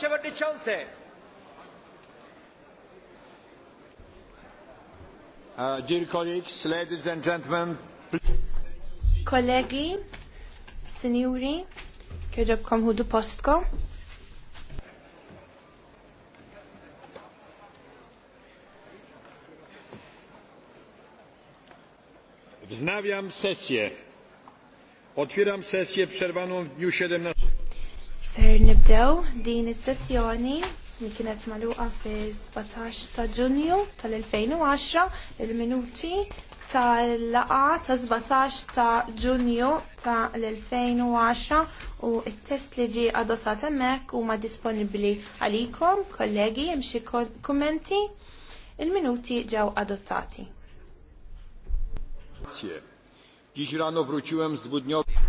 przewodniczący! Uh, dear colleagues, ladies and gentlemen, Kollegi, sinjuri, kom hudu postko. Wznawiam sesję. Otwieram sesję przerwaną w dniu 17. Ser nibdew din is-sessjoni li kienet magħluqa fi 17 ta' Ġunju tal-2010 il-minuti tal-laqa ta' 17 ta' Ġunju tal-2010 u it-test li ġie adottat hemmhekk huma disponibbli għalikom, kollegi, hemm xi kummenti. Il-minuti ġew adottati. Dziś rano wróciłem z dwudniowej.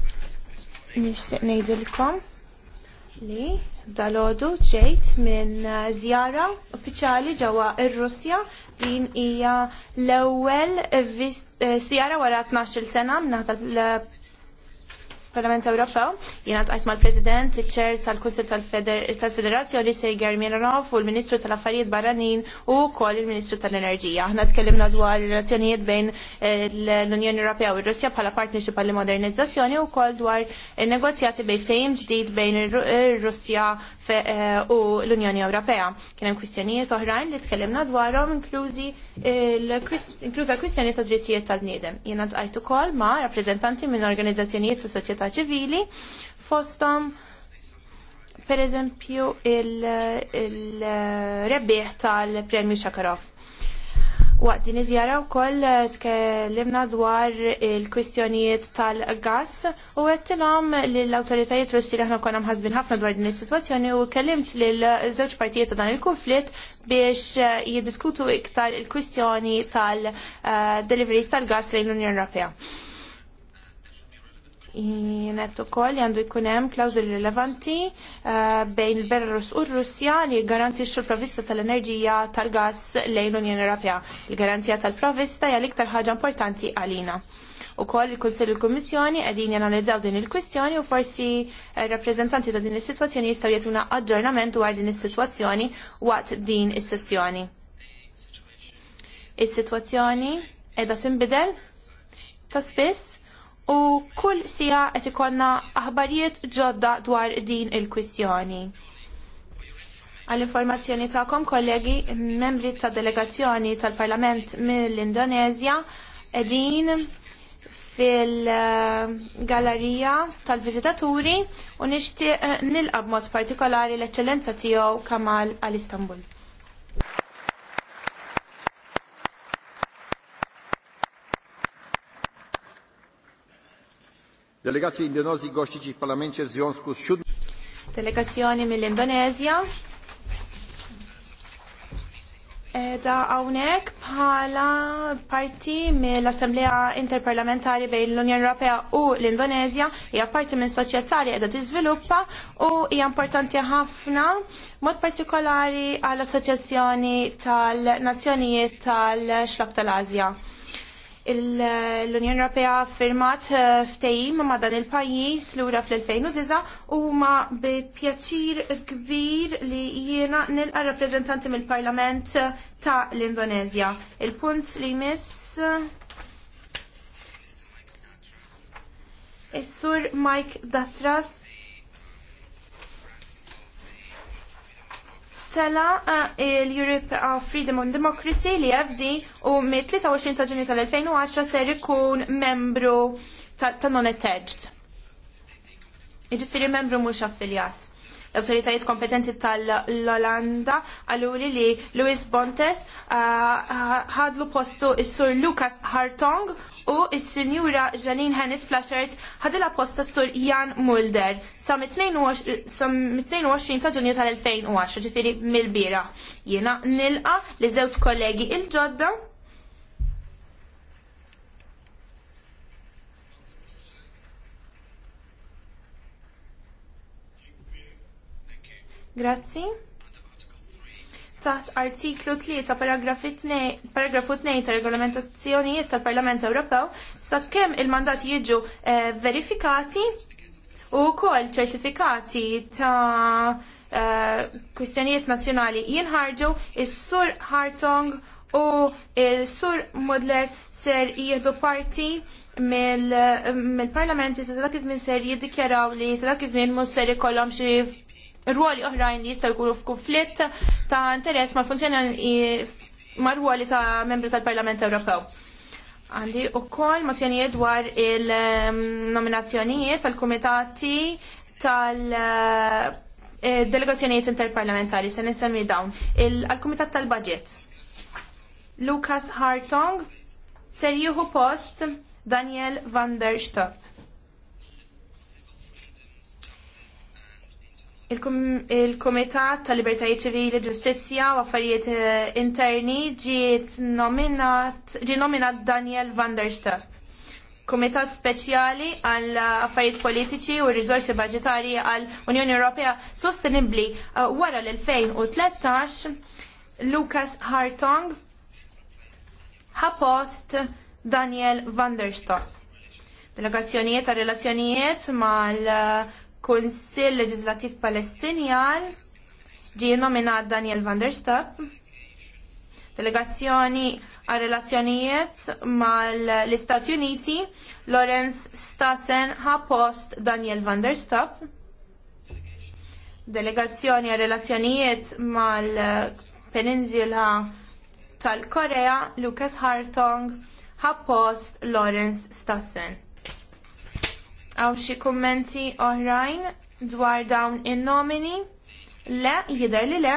ngħidilkom li dalodu ġejt minn uh, zjara uffiċjali ġewwa ir-Russja din hija l-ewwel eh, zjara wara 12-il sena minn tal Parlament Ewropew, jiena tqajt mal-President, iċ-Ċer tal-Kunsil tal-Federazzjoni Sejger Miranov u l-Ministru tal-Affarijiet Barranin u wkoll il-Ministru tal-Enerġija. Aħna tkellimna dwar ir-relazzjonijiet bejn eh, l-Unjoni Ewropea u r-Russja bħala partnership għall modernizzazzjoni u wkoll dwar in-negozjati bejn ftehim ġdid bejn ir-Russja eh, u l-Unjoni Ewropea. Kien hemm kwistjonijiet oħrajn li tkellimna dwarhom inklużi eh, l-kwistjoni ta' drittijiet tal-bniedem. Jiena tqajt ukoll ma' rappreżentanti minn organizzazzjonijiet tas soċjetà soċjetà ċivili fosthom per eżempju il-rebbieħ il tal-Premju Shakarov. Waqt din iżjara wkoll eh, tkellimna dwar il-kwistjonijiet tal-gass u għettilhom lill-awtoritajiet Russi li aħna konna mħasbin ħafna dwar din is-sitwazzjoni u kellimt lil żewġ partijiet ta' dan il kunflitt biex eh, jiddiskutu iktar il-kwistjoni tal-deliveries eh, tal-gass lejn l-Unjoni Ewropea. Jienet u koll jandu jkunem klawżuli rilevanti eh, bejn il-Belarus u r-Russja li garantixxu l-provista tal-enerġija tal-gas lejn l-Unjoni Ewropea. Il-garanzija tal-provista hija l-iktar ħaġa importanti għalina. U koll il kunsell il-Kummissjoni qegħdin jenalizzaw din il-kwistjoni u forsi eh, rappreżentanti ta' din is-sitwazzjoni jistgħu jagħtuna aġġornament dwar din is-sitwazzjoni waqt din is-sessjoni. Is-sitwazzjoni qiegħda tinbidel ta' spiss u kull sija qed ikollna aħbarijiet ġodda dwar din il-kwistjoni. Għall-informazzjoni tagħkom kollegi, membri ta' delegazzjoni tal-Parlament mill-Indonezja qegħdin fil-gallerija tal-viżitaturi u nixtieq nil mod partikolari l eccellenza tiegħu Kamal għal Istanbul. Delegazzjoni Indonezji gości w parlamencie w związku z siódmym... Delegazzjoni mill-Indonezja. Da għawnek bħala parti mill-Assemblea Interparlamentari bejn l-Unjoni Ewropea u l-Indonezja hija parti minn soċjetali edha qiegħda tiżviluppa u hija importanti ħafna mod partikolari għall-Assoċjazzjoni tal-Nazzjonijiet tal-Xlok tal-Asja l-Unjoni Ewropea firmat eh, ftehim ma' dan il-pajjiż lura fl-2009 u ma' bi pjaċir kbir li jiena nilqa' rappreżentanti mill-Parlament eh, ta' l-Indonezja. Il-punt li miss eh, Is-sur Mike Datras tela eh, l-Europe of Freedom and Democracy li e FD u mit-23 ta' ġuni tal-2010 ser ikun membru ta' monetegġt Iġifiri membru mhux affiljat l-autoritajiet kompetenti tal-Olanda għaluli li Luis Bontes uh, ħadlu postu s-sur Lucas Hartong u s-sinjura Janine Hennis Flashert ħadila posta s-sur Jan Mulder sa' 22 ta' ġunju tal-2010 ġifiri mil-bira. Jena nilqa li zewċ kollegi il-ġodda Grazzi. Taħt artiklu 3 paragrafu 2 ta' regolamentazzjonijiet tal-Parlament Ewropew kemm il-mandati jiġu eh, verifikati u kol ċertifikati ta' eh, kwistjonijiet nazzjonali jinħarġu is-sur Hartong u il-sur Modler ser jieħdu parti mill-parlamenti mil se dak iż-żmien ser jiddikjaraw li se dak iżmin mhux ser ikollhom xi ruoli oħrajn li jistaw jkunu f'kunflitt ta' interess mal funzjoni ma' ruoli ta' membri tal-Parlament Ewropew. Għandi u koll mozzjonijiet dwar il-nominazzjonijiet tal-komitati tal-delegazzjonijiet eh, interparlamentari, se nisemmi dawn. Il-komitat tal-budget. Lucas Hartong Serjuhu post Daniel van der Stopp. Il-Komitat tal Libertajiet Ċivili, Ġustizzja u Affarijiet eh, Interni ġiet nominat, ġi nominat Daniel van der Stak. Komitat speċjali għal affarijiet politiċi u riżorsi budġetarji għal Unjoni Ewropea Sostenibbli eh, wara l-2013 Lucas Hartong ħapost Daniel van der Stak. Delegazzjonijiet ta' relazzjonijiet mal Kunsill Leġislattiv Palestinjan ġie nominat Daniel van der Stapp. delegazzjoni għal relazzjonijiet mal-Istati Uniti Lorenz Stassen ha post Daniel van der Stapp. delegazzjoni għal relazzjonijiet mal-Peninsula tal-Korea Lucas Hartong ha post Lorenz Stassen Għaw xi kummenti oħrajn dwar dawn in-nomini? Le, jidher li le,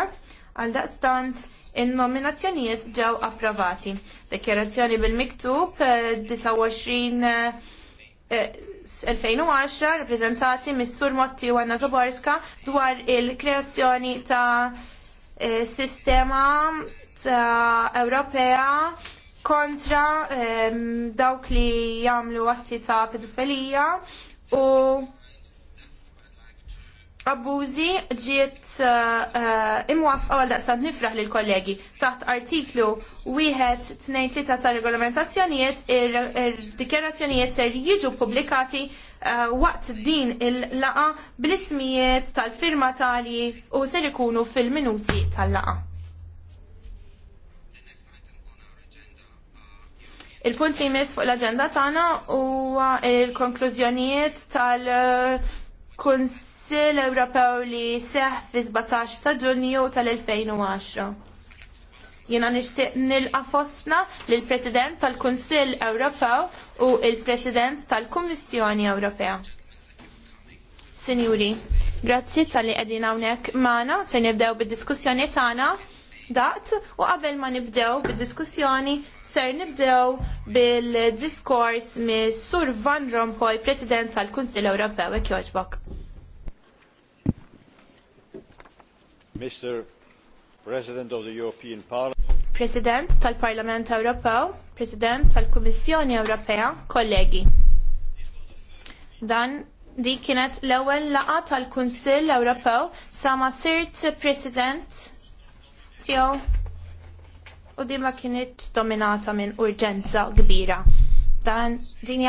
għal daqstant in-nominazzjonijiet ġew approvati. Dekjerazzjoni bil-miktub 29 eh, 2010 eh, eh, rappresentati mis-Sur Motti u Anna Zaborska dwar il-kreazzjoni ta' sistema ta' Ewropea kontra ehm, dawk li jagħmlu atti ta' pedofilija u abbużi ġiet eh, eh, imwaf għal daqsad nifraħ lil kollegi taħt artiklu 1.23 ta' regolamentazzjonijiet il dikjerazzjonijiet ser jiġu publikati eh, waqt din il-laqa bl-ismijiet tal-firmatari u ser ikunu fil-minuti tal-laqa. Il-punt li jmiss fuq l-agenda tagħna huwa il-konklużjonijiet tal-Kunsill Ewropew li seħ fi 17 ta' Ġunju tal-2010. Jiena nixtieq nilqa' fostna lill President tal-Kunsill Ewropew u l president tal-Kummissjoni Ewropea. Sinjuri, grazzi tal-li qegħdin hawnhekk magħna se nibdew bid-diskussjoni tagħna daqt u qabel ma nibdew bid-diskussjoni ser nibdew bil-diskors mis Sur Van Rompuy, President tal-Kunsill Ewropew, ek joġbok. Mr. President of the European Parliament. President tal-Parlament Ewropew, President tal-Kummissjoni Ewropea, kollegi. Dan di kienet l-ewwel laqgħa tal-Kunsill Ewropew sa ma sirt President tiegħu u dima kienet dominata minn urġenza kbira. Dan din